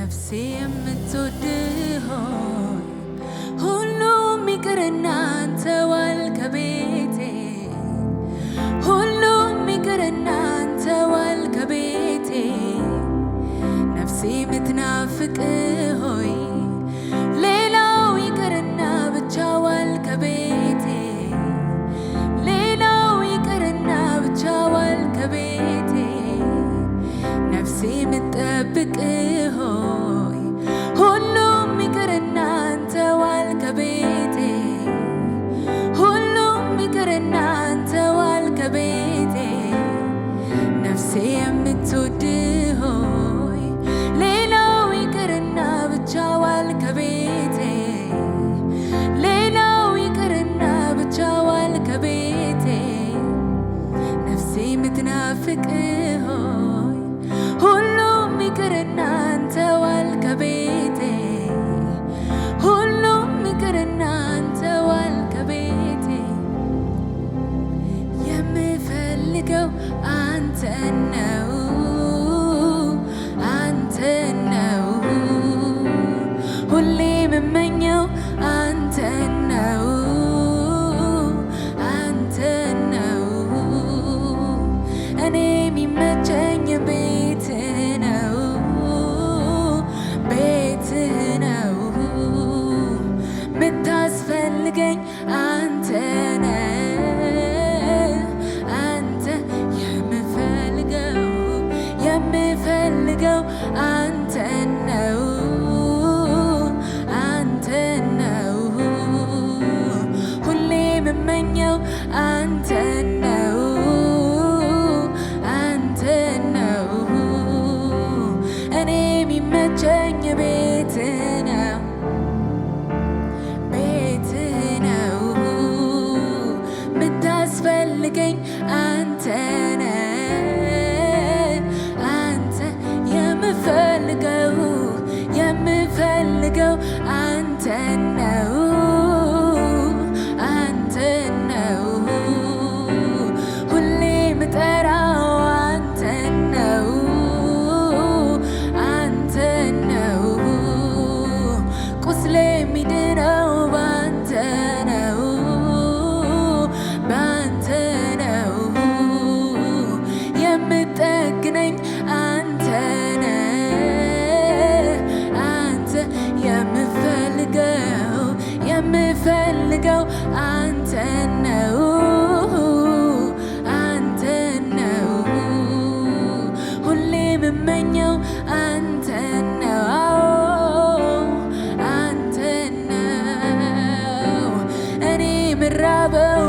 ነፍሴ የምትወድህ ሆይ ሁሉም ይቅርና አንተ ዋል ከቤቴ ሁሉም ይቅርና አንተ ከቤቴ ነፍሴ የምትናፍቅህ ሆይ የምመኘው አንተ ነው አንተ ነው እኔ የሚመቸኝ ቤት ነው ቤት ነው ምታስፈልገኝ together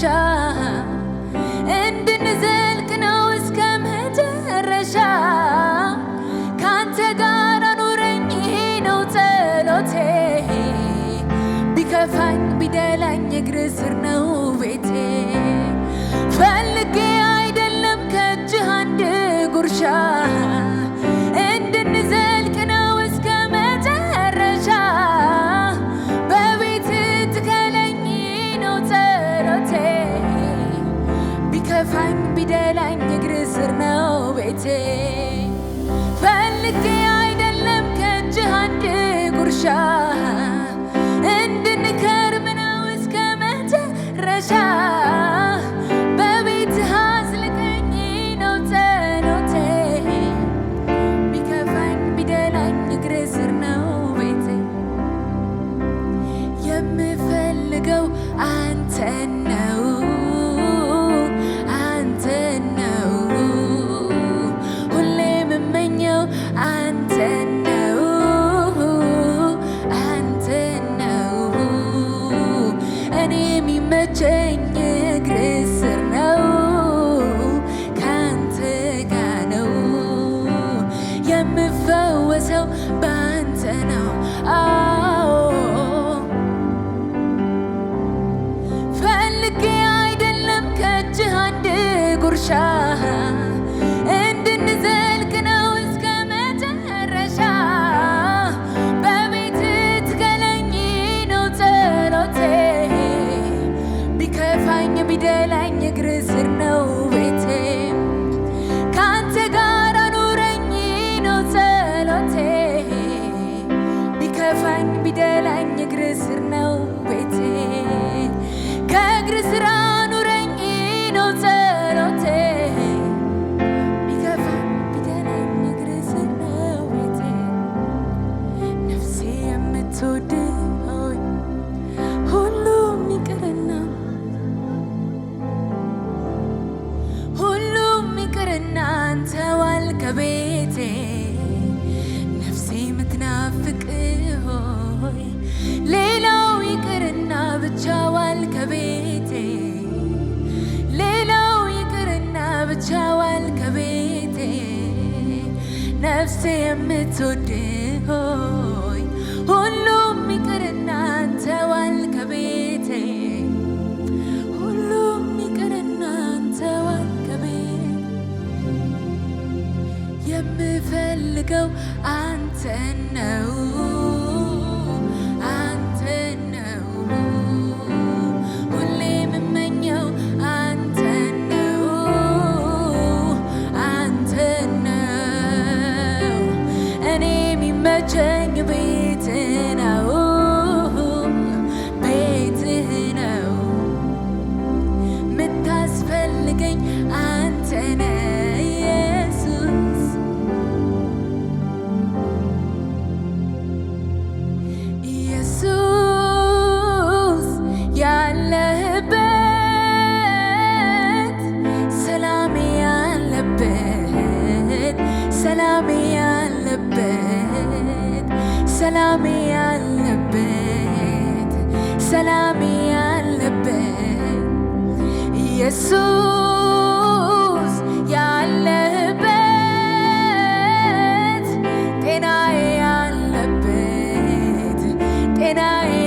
shine. ዘፋኝ ቢደላኝ እግር ስር ነው ቤቴ ፈልጌ አይደለም ከእጅህ አንድ ጉርሻ ስናፍቅ ሆይ ሌላው ይቅርና ብቻዋል ከቤቴ ሌላው ይቅርና ብቻዋል ከቤቴ ነፍሴ የምትወድ ሆይ ሁሉም ይቅርና አንተዋል ከቤቴ ሁሉም and know ሰላም ያለበት ኢየሱስ ያለህበት ጤና ያለበት ጤና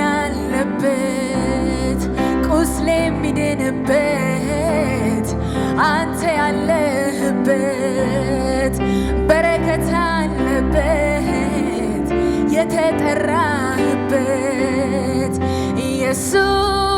ያለበት ቁስሌ የሚድንበት አንተ ያለህበት በረከት ያለበት የተጠራህበት Jesús.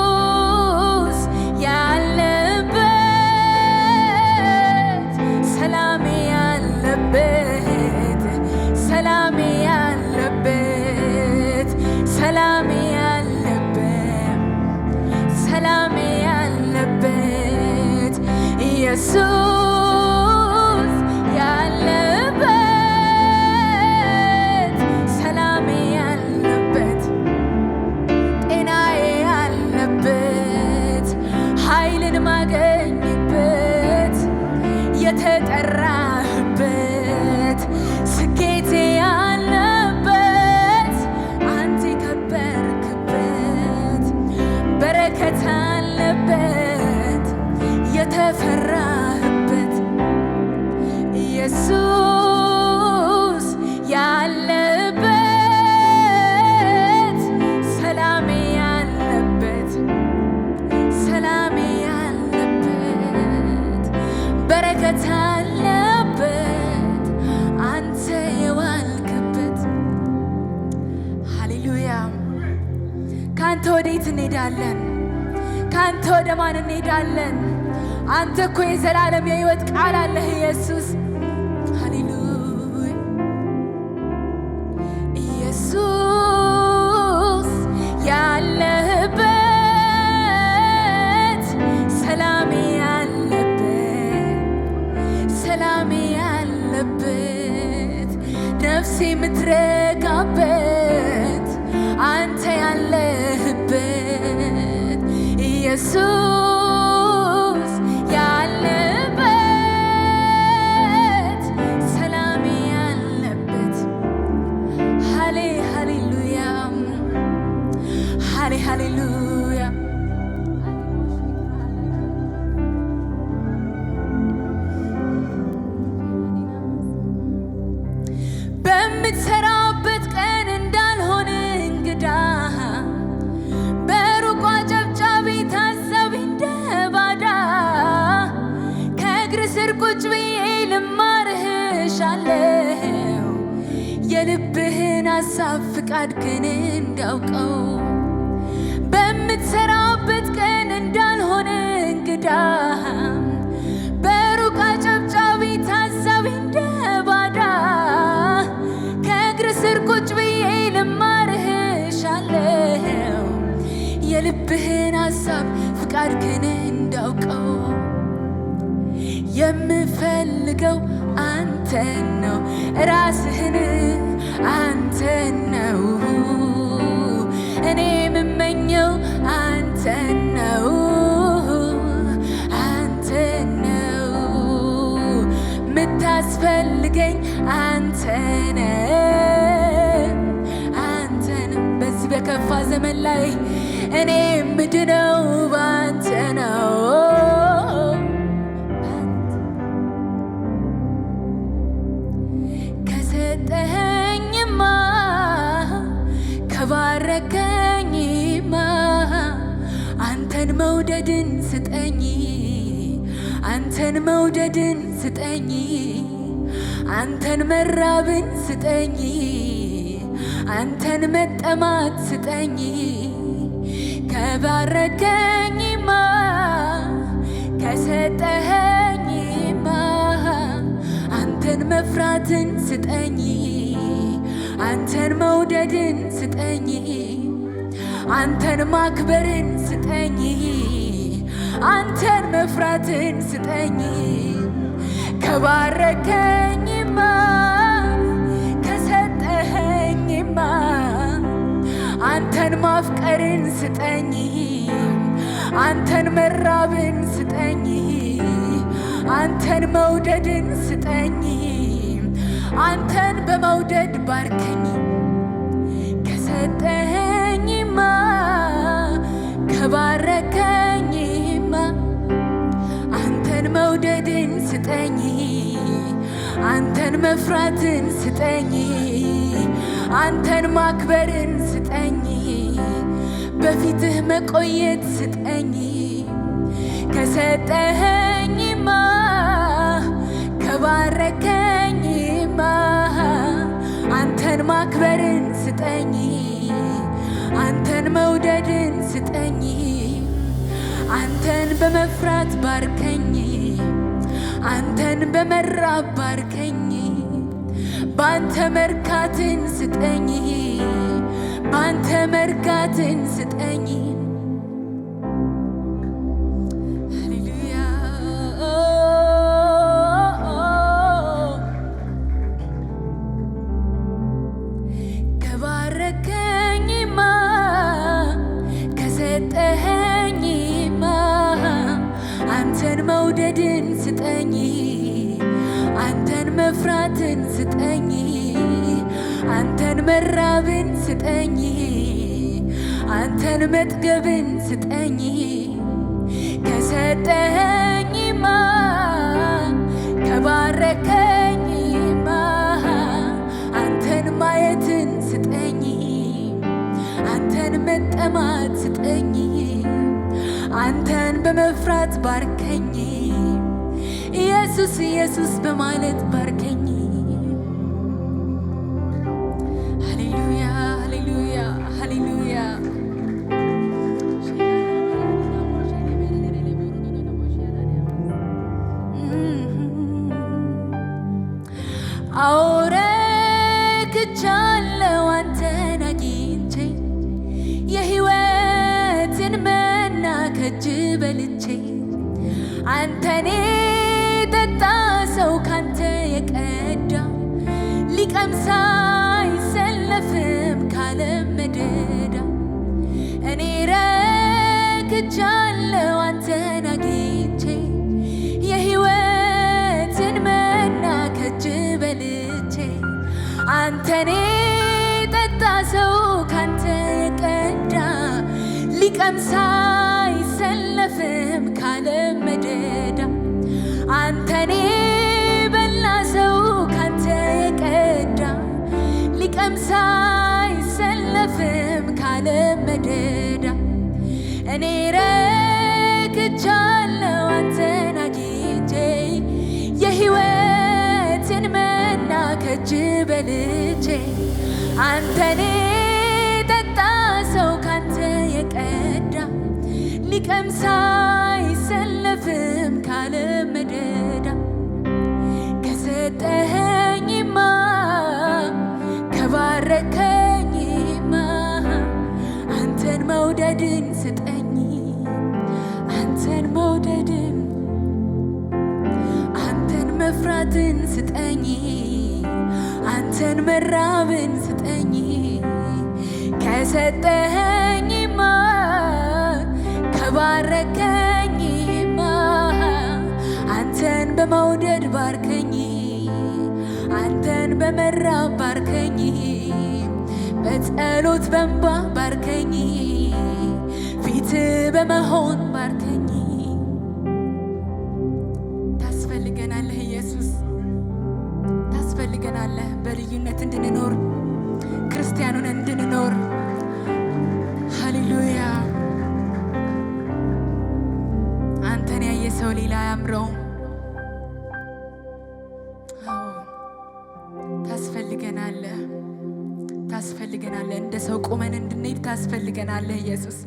ካንተ ወደ ማን እንሄዳለን? አንተ እኮ የዘላለም የሕይወት ቃል አለህ ኢየሱስ። ሃሌሉያ ኢየሱስ ያለህበት ሰላም ያለበት ሰላሜ ያለበት ነፍሴ የምትረጋበት የምፈልገው አንተን ነው፣ ራስህን አንተን ነው። እኔ የምመኘው አንተን ነው፣ አንተን ነው። የምታስፈልገኝ አንተን አንተን በዚህ በከፋ ዘመን ላይ እኔ ምድነው ባንተ ነው መውደድን ስጠኝ አንተን መውደድን ስጠኝ አንተን መራብን ስጠኝ አንተን መጠማት ስጠኝ ከባረከኝማ ከሰጠኸኝማ አንተን መፍራትን ስጠኝ አንተን መውደድን ስጠኝ አንተን ማክበርን ስጠኝ፣ አንተን መፍራትን ስጠኝ። ከባረከኝማ ከሰጠኸኝማ አንተን ማፍቀርን ስጠኝ፣ አንተን መራብን ስጠኝ፣ አንተን መውደድን ስጠኝ። አንተን በመውደድ ባርከኝ ከሰጠህ ባረከኝማ አንተን መውደድን ስጠኝ አንተን መፍራትን ስጠኝ አንተን ማክበርን ስጠኝ በፊትህ መቆየት ስጠኝ ከሰጠኸኝማ ከባረከኝማ አንተን ማክበርን ስጠኝ አንተ አንተን መውደድን ስጠኝ፣ አንተን በመፍራት ባርከኝ፣ አንተን በመራብ ባርከኝ፣ ባንተ መርካትን ስጠኝ፣ ባንተ መርካትን ስጠኝ አንተን መፍራትን ስጠኝ፣ አንተን መራብን ስጠኝ፣ አንተን መጥገብን ስጠኝ። ከሰጠኸኝማ ከባረከኝማ አንተን ማየትን ስጠኝ፣ አንተን መጠማት ስጠኝ፣ አንተን በመፍራት ባርከኝ። Jėzus, Jėzus be manęs bark. ከኔ ጠጣ ሰው ካንተ ቀዳ ሊቀምስ አይሰለፍም ካለ መደዳ አንተኔ በላ ሰው ካንተ ቀዳ ሊቀምስ አይሰለፍም ካለ መደዳ እኔ ረክቻ አንተን ጠጣ ሰው ካንተ የቀዳ ሊቀምስ አይሰለፍም ካለ መደዳ ከሰጠኸኝማ ከባረከኝማ አንተን መውደድን ስጠኝ አንተን መውደድን አንተን መፍራትን ስጠኝ አንተን መራብን ከሰጠኸኝማ ከባረከኝማ አንተን በመውደድ ባርከኝ አንተን በመራብ ባርከኝ በጸሎት በንባ ባርከኝ ፊት በመሆን ባርከኝ። ታስፈልገናለህ ኢየሱስ ታስፈልገናለህ። በልዩነት እንድንኖር ክርስቲያኑን እንድንኖር ሌላ አያምረውም። ታስፈልገናለህ፣ ታስፈልገናለህ። እንደ ሰው ቆመን እንድንሄድ ታስፈልገናለህ ኢየሱስ።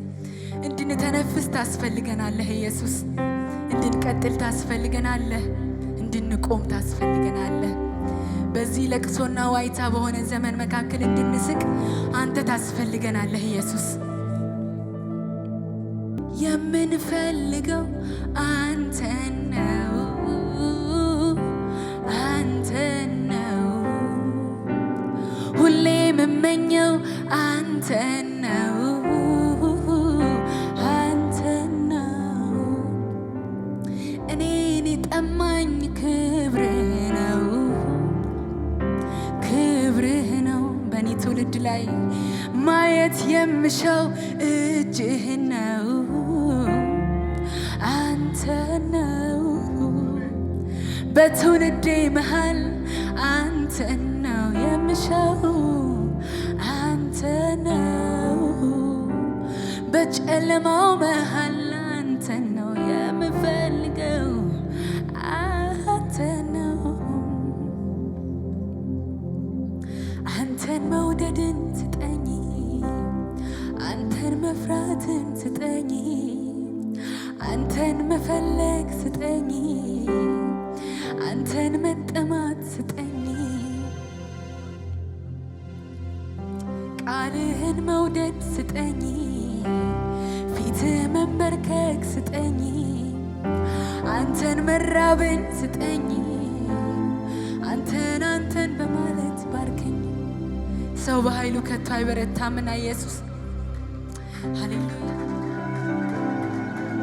እንድንተነፍስ ታስፈልገናለህ ኢየሱስ። እንድንቀጥል ታስፈልገናለህ። እንድንቆም ታስፈልገናለህ። በዚህ ለቅሶና ዋይታ በሆነ ዘመን መካከል እንድንስቅ አንተ ታስፈልገናለህ ኢየሱስ። የምፈልገው አንተን ነው አንተን ነው ሁሌ የምመኘው አንተን ነው አንተን ነው እኔን የጠማኝ ክብርህ ነው ክብርህ ነው በእኔ ትውልድ ላይ ማየት የምሻው እጅህ ነው አንተ ነው በትውልዴ መሃል አንተ ነው የምሻው አንተ ነው በጨለማው መሃል አንተ ነው የምፈልገው አንተ ነው አንተን መውደድን ስጠኝ አንተን መፍራትን ስጠኝ አንተን መፈለግ ስጠኝ፣ አንተን መጠማት ስጠኝ፣ ቃልህን መውደድ ስጠኝ፣ ፊትህ መንበርከክ ስጠኝ፣ አንተን መራብን ስጠኝ፣ አንተን አንተን በማለት ባርከኝ። ሰው በኃይሉ ከቶ አይበረታምና ኢየሱስ ሃሌሉያ